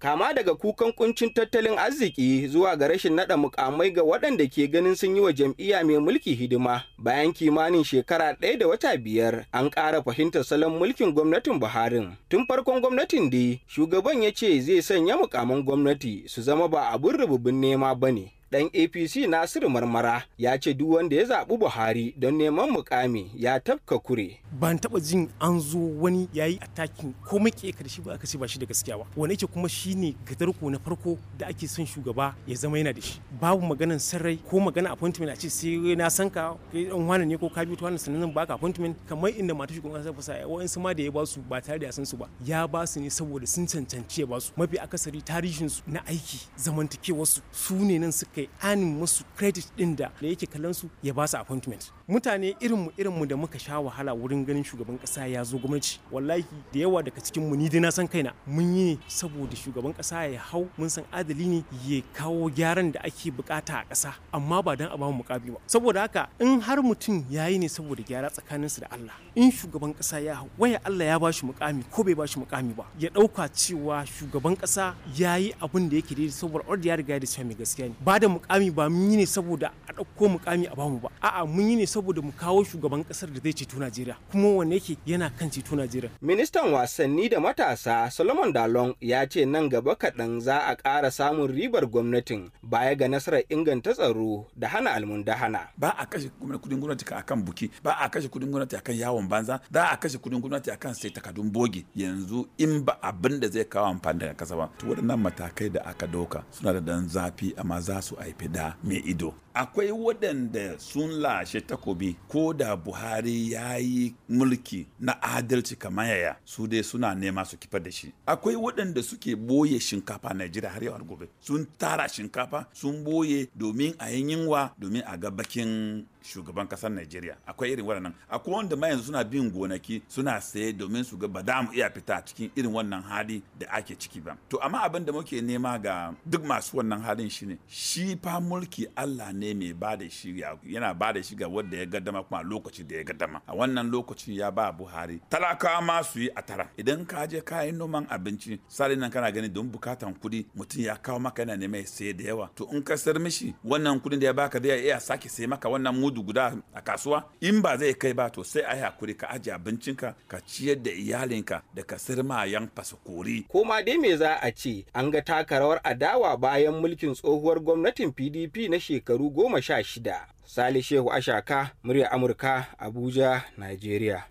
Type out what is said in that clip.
kama daga kukan kuncin tattalin arziki zuwa ga rashin nada mukamai ga waɗanda ke ganin sun yi wa jam'iyya mai mulki hidima bayan kimanin shekara ɗaya da wata biyar an ƙara fahimtar salon mulkin gwamnatin buharin tun farkon gwamnatin dai shugaban ya ce zai sanya mukaman gwamnati su zama ba abun rububin nema ba ne dan apc nasiru marmara ya ce duk wanda ya zaɓi buhari don neman mukami ya tafka kure ban taɓa jin an zo wani yayi attacking ko muke karshe ba aka ce ba shi da gaskiya ba wani yake kuma shine gadarko na farko da ake son shugaba ya zama yana da shi babu maganan sarrai ko magana appointment a ce sai na san ka kai dan wani ne ko ka biyo wani sannan zan baka appointment kamar inda mata shugaban kasa fasa wa'ansu ma da ya ba su ba tare da san su ba ya ba su ne saboda sun cancanci ya ba su mafi akasari tarihin su na aiki zamantakewar su su ne nan suka suka anin musu credit din da da yake kallon su ya ba su appointment mutane irin mu irin mu da muka sha wahala wurin ganin shugaban kasa ya zo gwamnati wallahi da yawa daga cikin mu ni dai na san kaina mun yi saboda shugaban kasa ya hau mun san adali ne ya kawo gyaran da ake bukata a kasa amma ba dan a ba mu mukabi ba saboda haka in har mutum yayi ne saboda gyara tsakanin su da Allah in shugaban kasa ya hau waya Allah ya ba shi mukami ko bai ba shi mukami ba ya dauka cewa shugaban kasa yayi abin da yake daidai saboda ordinary ya da cewa mai gaskiya ne ba da wannan mukami ba mun yi ne saboda a ɗauko mukami a bamu ba a'a mun yi ne saboda mu kawo shugaban ƙasar da zai ceto Najeriya kuma wanne yake yana kan ceto Najeriya ministan wasanni da matasa Solomon dalon ya ce nan gaba kaɗan za a ƙara samun ribar gwamnatin baya ga nasarar inganta tsaro da hana almundahana ba a kashe kudin gwamnati akan buki ba a kashe kudin gwamnati akan yawon banza za a kashe kudin gwamnati akan sai takardun bogi yanzu in ba abin da zai kawo amfani daga kasa ba to waɗannan matakai da aka doka suna da dan zafi amma za su yi fida mai ido akwai waɗanda sun lashe takobi ko da buhari ya yi mulki na adalci kamar yaya su dai suna nema su kifar da shi akwai waɗanda suke boye shinkafa najeriya har yau gobe sun tara shinkafa sun boye domin a yin yinwa domin a ga bakin shugaban kasar Najeriya akwai irin waɗannan akwai wanda ma yanzu suna bin gonaki suna saye domin su ga ba za mu iya fita cikin irin wannan hali da ake ciki ba to amma abin da muke nema ga duk masu wannan halin shine shi fa mulki Allah ne mai ba da shi yana ba da shi ga wanda ya gaddama kuma lokaci da ya gaddama a wannan lokacin ya ba Buhari talakawa ma su yi a tara idan ka je kayan noman abinci sali nan kana gani don bukatan kuɗi mutum ya kawo maka yana neman ya saye da yawa to in ka sar mishi wannan kuɗin da ya baka zai iya sake sai maka wannan gudu guda a kasuwa in ba zai kai ba to sai a yi hakuri ka ajiye abincinka ka ciyar da iyalinka da ka sirma yan fasakori. Koma dai me za a ce an ga taka adawa bayan mulkin tsohuwar gwamnatin PDP na shekaru goma sha shida. Sale Shehu Ashaka, murya Amurka, Abuja, nigeria.